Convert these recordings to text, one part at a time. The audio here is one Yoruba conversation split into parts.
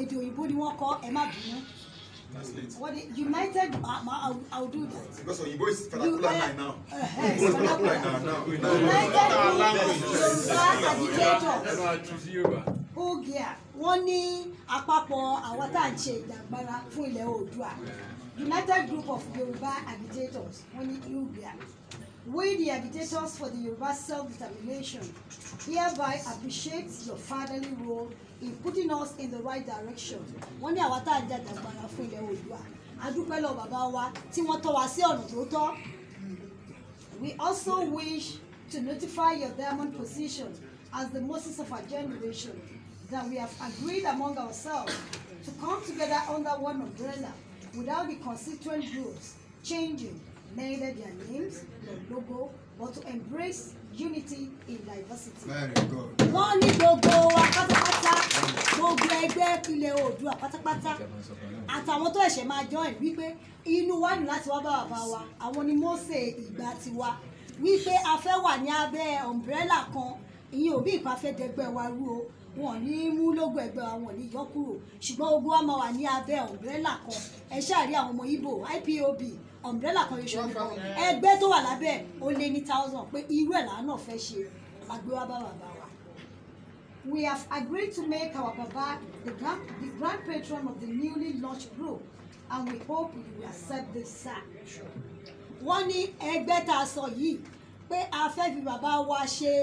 èdè òyìnbó ni wọ́n kọ́ ẹ má bínú. What the, United, uh, I'll, I'll do that. Because Oyibo is vernacular uh, eh, now. Uh, eh, Oyibo eh, now. United means Yorùbá Ogia, wọ́n ní àpapọ̀ àwọn tá à ń ṣe ìdàgbára fún ilẹ̀ Oòduà. United group of Yorùbá agitators, wọ́n ní Ogia. We, the agitators for the universal determination hereby appreciate your fatherly role in putting us in the right direction. A We also wish to notify your diamond position as the Moses of our generation that we have agreed among ourselves to come together under one umbrella without the constituent groups changing neither their names nor logo, but to embrace unity in diversity. wọ́n ní gbogbo wa pátápátá gbogbo ẹgbẹ́ ilẹ̀ oòdùà pátápátá àtàwọn tó ẹ̀ṣẹ̀ máa join wípé inú wa ní láti wá bá bàbá wa àwọn ni Mósè ìgbà tiwa wípé a fẹ́ wà ní abẹ́ ọ̀mbrẹ́là kan ìyẹn òbí ìpàfẹ́dẹ́gbẹ́ wa rú o wọn ní mú lógo ẹgbẹ́ wa wọn ní yọ kúrò ṣùgbọ́n gbogbo wa máa wà ní abẹ́ ọ̀mbrẹ́là kan ẹ ṣáà rí àwọn ọmọ Ìgbò IPOB umbrella kan iṣu nìkan ẹgbẹ́ tó wà lábẹ́ ó lé ní thousand pé irú ẹ̀ làánà fẹ́ ṣe àgbẹ̀ bá wa. We have agreed to make our Baba the grand, the grand patron of the newly launched group and we hope you will accept this sir. Wọ́n ní ẹgbẹ́ tá a sọ yìí pé a fẹ́ fi bàbá wa ṣe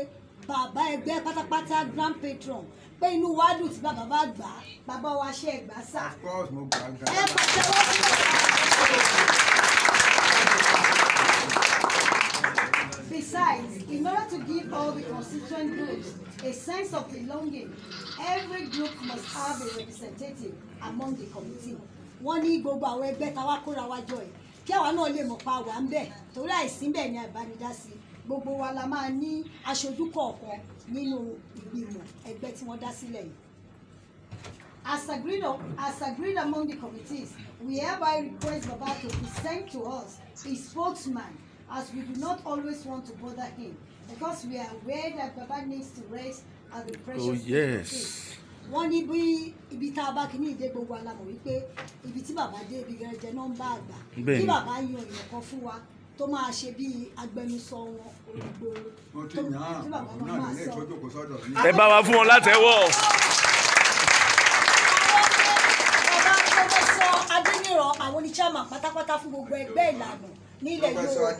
bàbá ẹgbẹ́ pátápátá grand patron pé inú wa dùn tí bàbá bá gbà bàbá wa ṣe ẹgbà sá. Of course mo gbà á gbà. ẹ pàṣẹ wọ́n fún wa. Besides, in order to give all the constituent groups a sense of belonging, every group must have a representative among the committee. Wọ́n ní gbogbo àwọn ẹgbẹ́ tá wá kóra wá jọ ẹ̀ kí àwa náà lè mọ̀ pa wà ń bẹ̀ torí àìsí bẹ́ẹ̀ ni àìbánidá sí gbogbo wa la máa ní aṣojú kọ̀ọ̀kan nínú ìgbìmọ̀ ẹgbẹ́ tí wọ́n dá sílẹ̀ yìí. As agreed, as agreed among the committees, we hereby request Baba to present to us a spokesman as we do not always want to bother him because we are aware that Baba needs to rest at the oh, precious oh, yes. feet. wọ́n ní bí ibi tá a bá kí ní ìdè gbogbo alamọ̀ wípé ibi tí bàbá dé ibi gẹ̀rẹ́jẹ náà ń bá àgbà kí bàbá yan èèyàn kan fún wa tó máa ṣe bí agbẹnusọ wọn olùgbòòrò tó tí bàbá máa máa sọ. ẹ bá wa fún wọn látẹ́wọ́. bàbá pẹ́ẹ́sọ adéníran àwọn oníṣẹ́ àmà pátápátá fún gbogbo ẹgbẹ́ ìlànà ní ilẹ̀ Yorùbá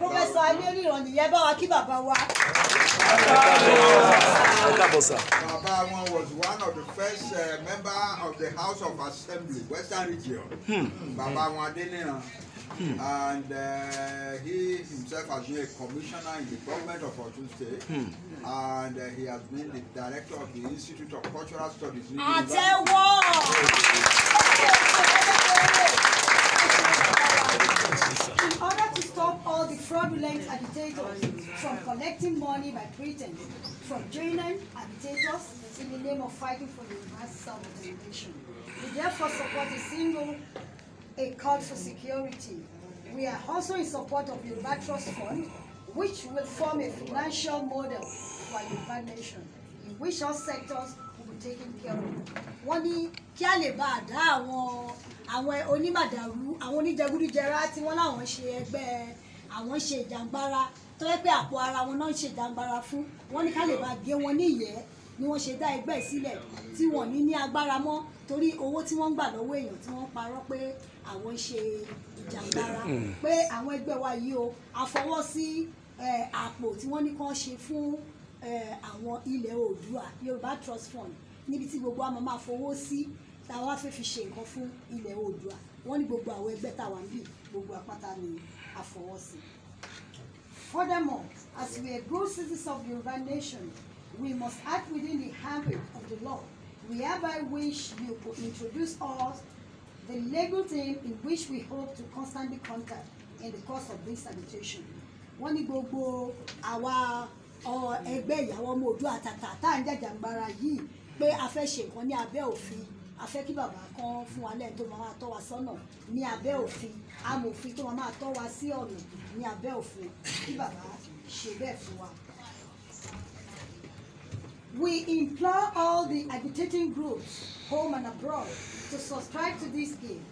pọfẹsọ Adéníran nìyẹn bá wa kí bàbá wa. Baba. wọn was one of the first uh, member of the House of Assembly Western Region. Hmm. Baba wọn Adéníran. Hmm. And uh, he himself has been a commissioner in the government of Osun State. Hmm. And uh, he has been the director of the Institute of Cultural Studies. Àtẹ̀wọ́! in order to stop all the fraudulent agitators from collecting money by pretense from joining agitators in the name of fighting for the universal self We therefore support a single, a call for security. We are also in support of the Yoruba Trust Fund, which will form a financial model for the nation, in which all sectors will be taken care of. dá àwọn onímàdàrú àwọn oníjẹgúdújẹrá tí wọ́n láwọn ṣe ẹgbẹ́ àwọn ṣe ìjàngbara tó yẹ pé àpò ara wọn náà ń ṣe ìjàngbara fún wọn ní ká lè bá gé wọn ní ìyẹ́ ni wọ́n ṣe dá ẹgbẹ́ sílẹ̀ tí wọ́n ní ní agbára mọ́ torí owó tí wọ́n ń gbà lọ́wọ́ èèyàn tí wọ́n parọ́ pé àwọn ń ṣe ìjàngbara pé àwọn ẹgbẹ́ wa yìí o a fọwọ́ sí àpò tí wọ́n ní kán ṣe fún àwọn ilẹ̀ Oòduà Yorùbá Trust Fund níbi tí gbogbo àmọ́ máa fowó sí tá wá fi ṣe nǹkan fún ilẹ̀ oòdùà wọ́n ní gbogbo àwọn ẹgbẹ́ tá wà níbí gbogbo àpáta ni a sí. Furthermore, as we are good citizens of your nation, we must act within the ambit of the law. We hereby wish you to introduce us the legal team in which we hope to constantly contact in the course of this agitation. wọ́n ní gbogbo àwa ẹgbẹ́ ìyàwó ọmọ oòdùà àtàtà tá à ń jàjàǹgbara yìí pé a fẹ́ ṣe nǹkan ní abẹ́ òfin a fẹ́ kí bàbá kan fún wa tó tọ́ wa sọ́nà ní abẹ́ òfin tó tọ́ wa sí ọ̀nà ní abẹ́ òfin kí bàbá ṣe fún wa. We implore all the agitating groups, home and abroad, to subscribe to this game,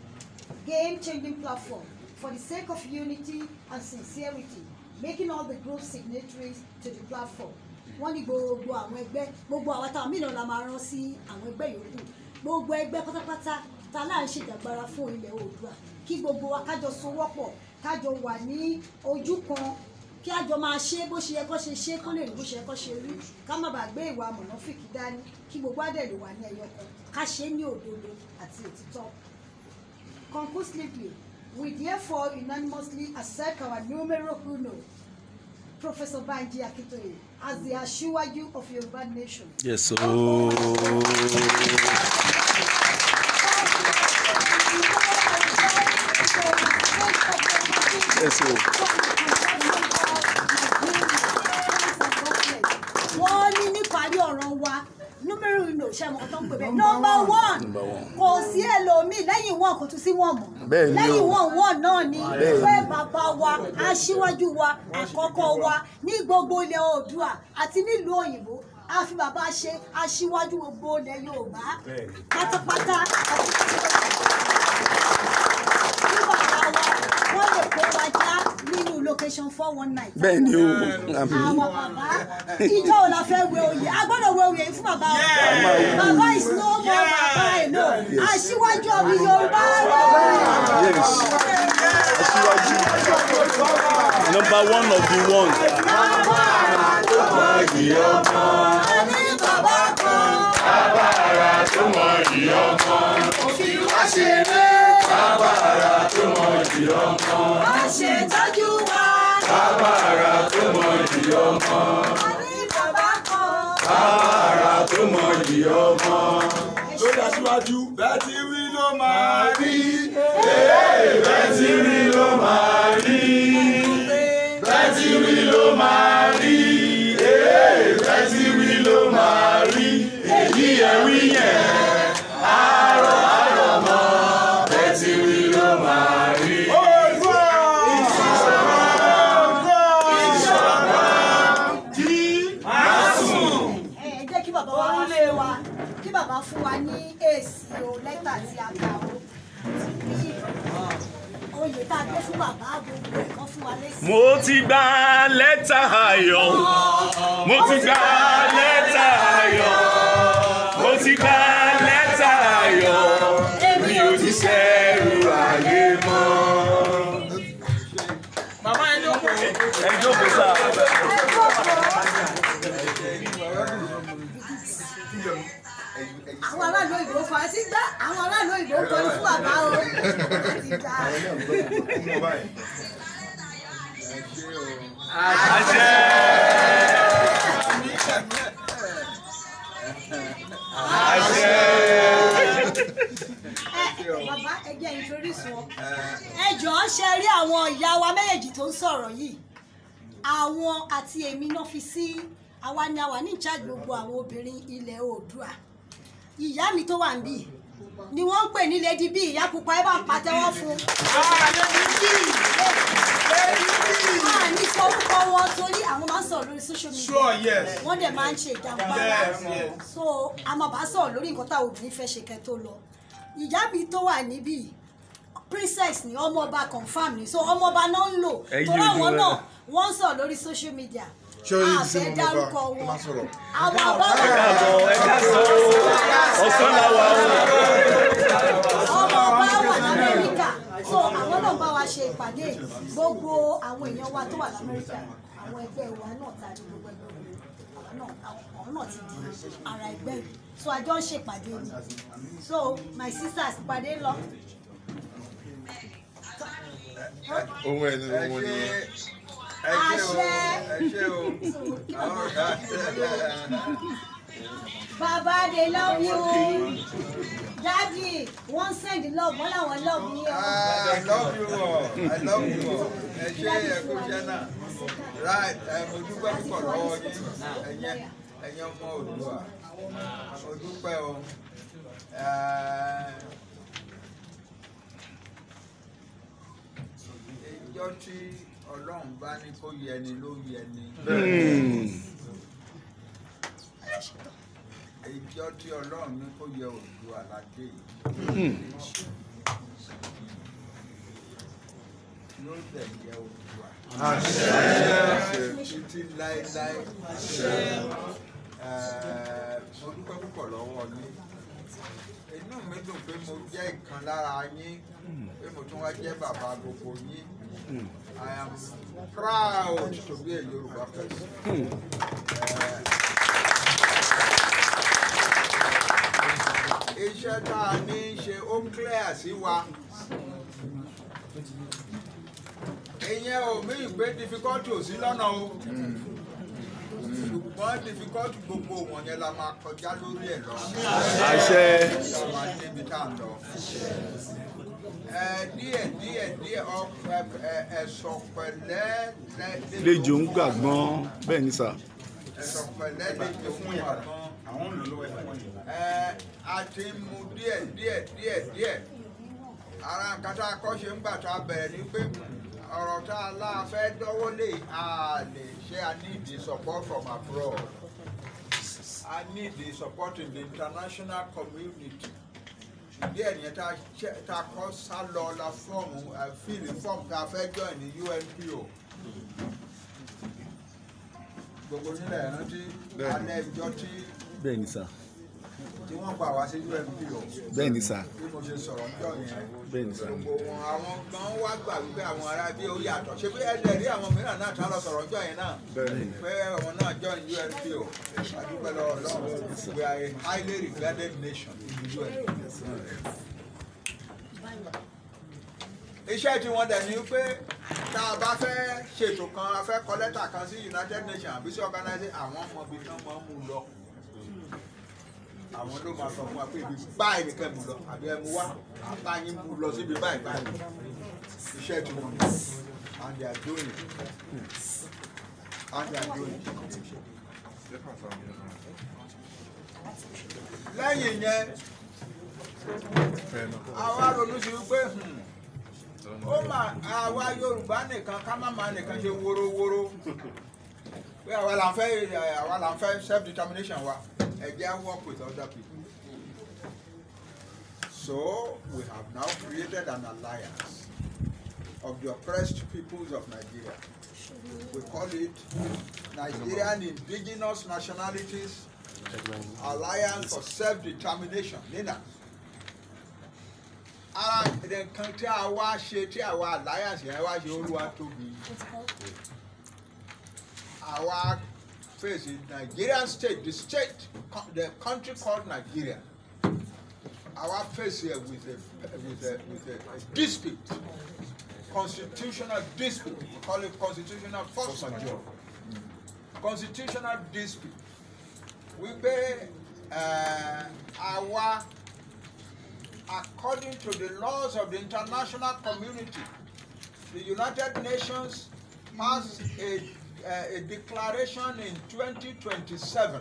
game-changing platform for the sake of unity and sincerity, making all the groups signatories to the platform. Wọ́n ní gbogbo àwọn ẹgbẹ́ gbogbo àwọn táwọn la máa rán sí àwọn ẹgbẹ́ yòókù gbogbo ẹgbẹ́ pátápátá ta láà ń ṣèjàgbara fún ilẹ̀ oòdùà kí gbogbo wa kájọ sowọ́pọ̀ kájọ wà ní ojú kan kí àjọ máa ṣe bó ṣe yẹ kó ṣe ṣe kó lè rí bó ṣe yẹ kó ṣe rí ká má bàa gbé ìwà mọ̀nàfíìkì dání kí gbogbo àdẹ̀ lè wà ní ẹyọ ká ṣe ní òdodo àti òtítọ́. conclusively we therefore unanimously accept our numero uno Professor Banji Akintoye as they assure you of your bad nation. Yes, so. Yes, sir. ṣe mọ̀ ń pè bẹ́ẹ̀ number one kò sí ẹlòmíì lẹ́yìn wọn kò tún sí wọn mọ́ lẹ́yìn wọn wọn náà ni ìfẹ́ bàbá wa aṣíwájú wa àkọ́kọ́ wa ní gbogbo ilẹ̀ oòdùà àti nílùú òyìnbó a fi bàbá ṣe aṣíwájú gbogbo ilẹ̀ Yorùbá pátápátá pátápátá. station four one nine. bẹ́ẹ̀ ni o ah, àmì. àwọn bàbá ìjọ ò la fẹ́ wé oyè a gbọ́dọ̀ wé oyè fún bàbá o bàbá is no more bàbá ẹ̀ no aṣíwájú ọ̀bí yorùbá rẹ̀. yes aṣíwájú number one of the one. bàbá àtúmọ̀ yìí ọmọ. àní bàbá kan. bàbá àtúmọ̀ yìí ọmọ. òfin wá ṣeré. bàbá àtúmọ̀ yìí ọmọ. a ṣètọ́jú wọn kábàárà tó mọ yìí ọmọ. àní bàbá kan. kábàárà tó mọ yìí ọmọ. tó dàsíwájú bẹ́ẹ̀ ti wí ló máa rí. bẹ́ẹ̀ ti wí ló máa rí. bẹ́ẹ̀ ti wí ló máa rí. ti gba lẹ́tà ayọ̀ mo ti gba lẹ́tà ayọ̀ mo ti gba lẹ́tà ayọ̀ èmi ò ti ṣẹ̀rù ayé mọ́. màmá ẹ jókòó ẹ jókòó sá. àwọn aráàlú òyìnbó fọ àti gbá àwọn aráàlú òyìnbó kọrin fún bàbá o àṣẹ. àṣẹ. bàbá ẹgbẹ́ ìforísun ẹ jọ̀ọ́ ṣe rí àwọn ìyá wa méjèèjì tó ń sọ̀rọ̀ yìí àwọn àti èmi náà fi sí àwa ni a wà ní ìjà gbogbo àwọn obìnrin ilẹ̀ oòdùà ìyá mi tó wà ń bì ni wọ́n ń pè ní lady b ìyá pupa ẹ bá ń patẹ́wọ́ fún un máa ah, ní fọ́fọ́ wọn torí àwọn máa ń sọ̀rọ̀ lórí social media wọ́n dẹ̀ máa ń ṣe ìjàmbára so a máa bá sọ̀rọ̀ lórí nǹkan táwọn obìnrin fẹ́ ṣe ìyá mi tó wà níbí princess ni ọmọọba confam ni so ọmọọba náà ń lò torí àwọn náà wọ́n ń sọ̀rọ̀ lórí social media àfẹ́ dárúkọ wọn àwọn àbá ọmọọba wà lábẹ́ ṣe ìpàdé gbogbo àwọn èèyàn wa tó wà lamẹ́ríkà àwọn ẹgbẹ́ wa náà ta ní gbogbo ẹgbẹ́ àwọn náà ti di ara ẹgbẹ́ so a jọ ń ṣe ìpàdé ni so my sisters ìpàdé lọ. ohun ẹni ló wọ ni ẹ ṣe o ẹ ṣe o Baba, they love you. Daddy, one send love, one hour love you. Ah, I love you all. I love you all. Ẹ ṣé ẹ kú iṣẹ́ náà. Right, mo dúpẹ́ for all yín. Ẹ̀yin ọmọ Oòduà. Mo dúpẹ́ o. Ìjọ tí Ọlọ́run bá ní kó yẹ ni ló yẹ ni. Hmm ìjọ tí ọlọ́run ní kó yẹ òdu àlàdé yìí hmm. yóò dẹ̀ yẹ òdu à. títí láéláé mo dúpẹ́ púpọ̀ lọ́wọ́ yín inú mi dùn pé mo jẹ́ ìkan lára yín hmm. pé mo tún wá jẹ́ bàbá gbogbo yín hmm. I am proud to be a Yorùbá person. iṣẹ́ tá a ní í ṣe ó ń clear sí wa ìyẹn ò mí ìgbé difficulty ò sí lọ́nà o ṣùgbọ́n difficulty gbogbo wọ̀nyẹn la máa kọjá lórí ẹ̀ lọ. àṣẹ. díẹ̀ díẹ̀ díẹ̀ ẹ̀sọ̀ pẹ̀lẹ́. lejò ń gbàgbọ́n bẹ́ẹ̀ ni sà. ẹ̀sọ̀ pẹ̀lẹ́ lejò ń gbàgbọ́n àwọn ọ̀nà lọ́wọ́ wọn. ẹ a ti mu díẹ̀ díẹ̀ díẹ̀ díẹ̀ ara nǹkan tá a kọ́ ṣe ń gbà tá a bẹ̀rẹ̀ ni pé ọ̀rọ̀ tá a lá a fẹ́ dọ́wọ́ lé a lè ṣe a need the support from abroad a need the support in the international community díẹ̀ yẹn tá a kọ́ sá lọ la fọ́ọ̀mù fíìlì fọ́ọ̀mù tá a fẹ́ join ní UNPO gbogbo nílẹ̀ rántí alẹ́ ìjọ tí bẹ́ẹ̀ ni sà. tí wọ́n gbà wá síjú ẹ̀mí yọ. bẹ́ẹ̀ ni sà. bí mo ṣe sọ̀rọ̀ ń jọ yẹn. bẹ́ẹ̀ ni sà. gbogbo wọn àwọn gan wá gbà wípé àwọn ará bí ó yàtọ̀ ṣé pé ẹ̀dẹ̀ rí àwọn mìíràn náà tá lọ sọ̀rọ̀ ń jọ yẹn náà. bẹ́ẹ̀ ni. pé àwọn náà jọ ní UNP o àdúgbò lọ́wọ́ lọ́wọ́ we are a highly regarded nation in the US iṣẹ́ tí wọ́n dẹ̀ ní pé tá a bá fẹ́ ṣètò kan a fẹ́ kọ lẹ́tà kan sí United Nations àbí sí organization àwọn ọmọ ibi tán máa ń mú lọ àwọn ló máa sọ fún wa pé ibi báyìí nìkan bù lọ àbí ẹ mú wá àbáyín bù lọ síbi báyìí báyìí iṣẹ́ tí wọ́n and they are doing it and they are doing it. lẹ́yìn yẹn àwa ronú sí wípé hmm, ó mà àwa Yorùbá nìkan ká má má nìkan ṣe wórówóró pé àwa là ń fẹ́ àwa là ń fẹ́ self determination wa. Again, work with other people so we have now created an alliance of the oppressed peoples of Nigeria we call it Nigerian Indigenous Nationalities Alliance for Self-Determination NINAS ara then country, our wá our tí àwa alliance yẹn wá ṣe olúwa tóbi àwa face is Nigerian state, the state, the country called Nigeria. Our face here with a, with a, with a, dispute, constitutional dispute. We call it constitutional force majeure. Constitutional dispute. We pay uh, our, according to the laws of the international community, the United Nations passed a uh, a declaration in 2027.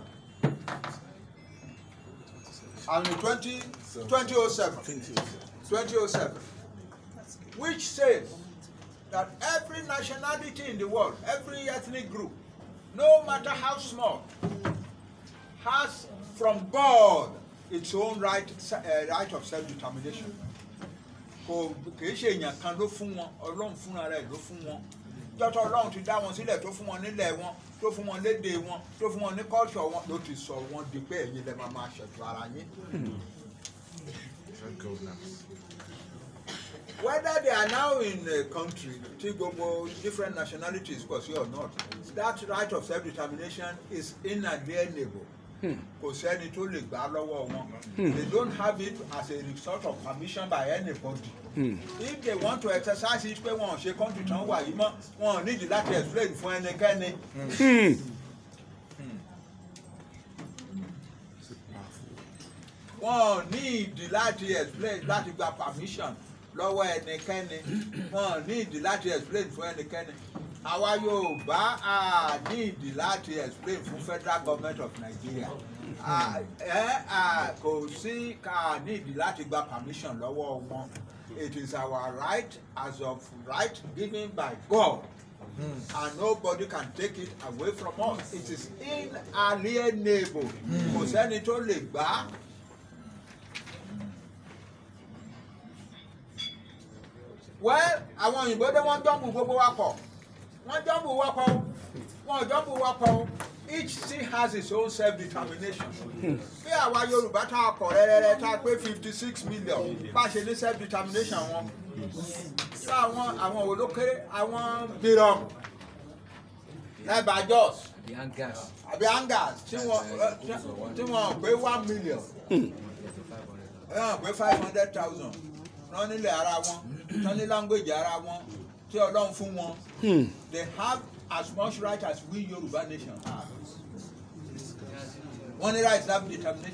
And in 20, 2007, 2007, which says that every nationality in the world, every ethnic group, no matter how small, has from God its own right, uh, right of self-determination jọ́tọ̀ ọlọ́run ti dá wọn sílẹ̀ tó fún wọn nílẹ̀ wọn tó fún wọn léde wọn tó fún wọn ní kọ́ọ̀ṣọ̀ wọn ló ti sọ wọn di pé ẹ̀yin lè máa máa ṣètò ara yín. whether they are now in a country tí gbogbo different nationalities kò sí or not that right of self-determination is inalienable. Hmm. kò sẹ́ni tó lè gbà lọ́wọ́ wọn hmm. they don't have it as a result of permission by anybody hmm. if they want to exercise it pé wọn ò ṣe country tán wà yìí mọ́ wọn ò nídìí láti explain fún ẹnikẹ́ni. Hmm. wọn ò ní ìdí láti explain láti gba permission lọ́wọ́ ẹnikẹ́ni wọn ò ní ìdí láti explain fún ẹnikẹ́ni àwa Yorùbá a ní ìdí láti explain fún Federal Government of Nigeria kò sí ká ní ìdí láti gba permission lọ́wọ́ wọn it is our right as of right given by God mm. and nobody can take it away from us it is inalienable kò sẹ́ni tó lè gbà á. well àwọn òyìnbó dé wọ́n jọ́mù gbogbo wa kọ̀ wọ́n jọ bù wọ́pọ̀ o wọ́n jọ bù wọ́pọ̀ o each still has its own self determination. bí àwa Yorùbá tá a kọ̀ rẹ́rẹ́rẹ́ tá a pé fifty six million bá a ṣe ní self determination wọn sọ àwọn àwọn olókèrè àwọn gbìrọ̀m ẹ̀bà Jos àbí Angas tí wọ́n pé one million wọ́n pé five hundred thousand rán nílẹ̀ ara wọn tán ní language ara wọn tí Ọlọ́run fún wọn. Hmm. They have as much right as we Yoruba nation have. One right is that determination.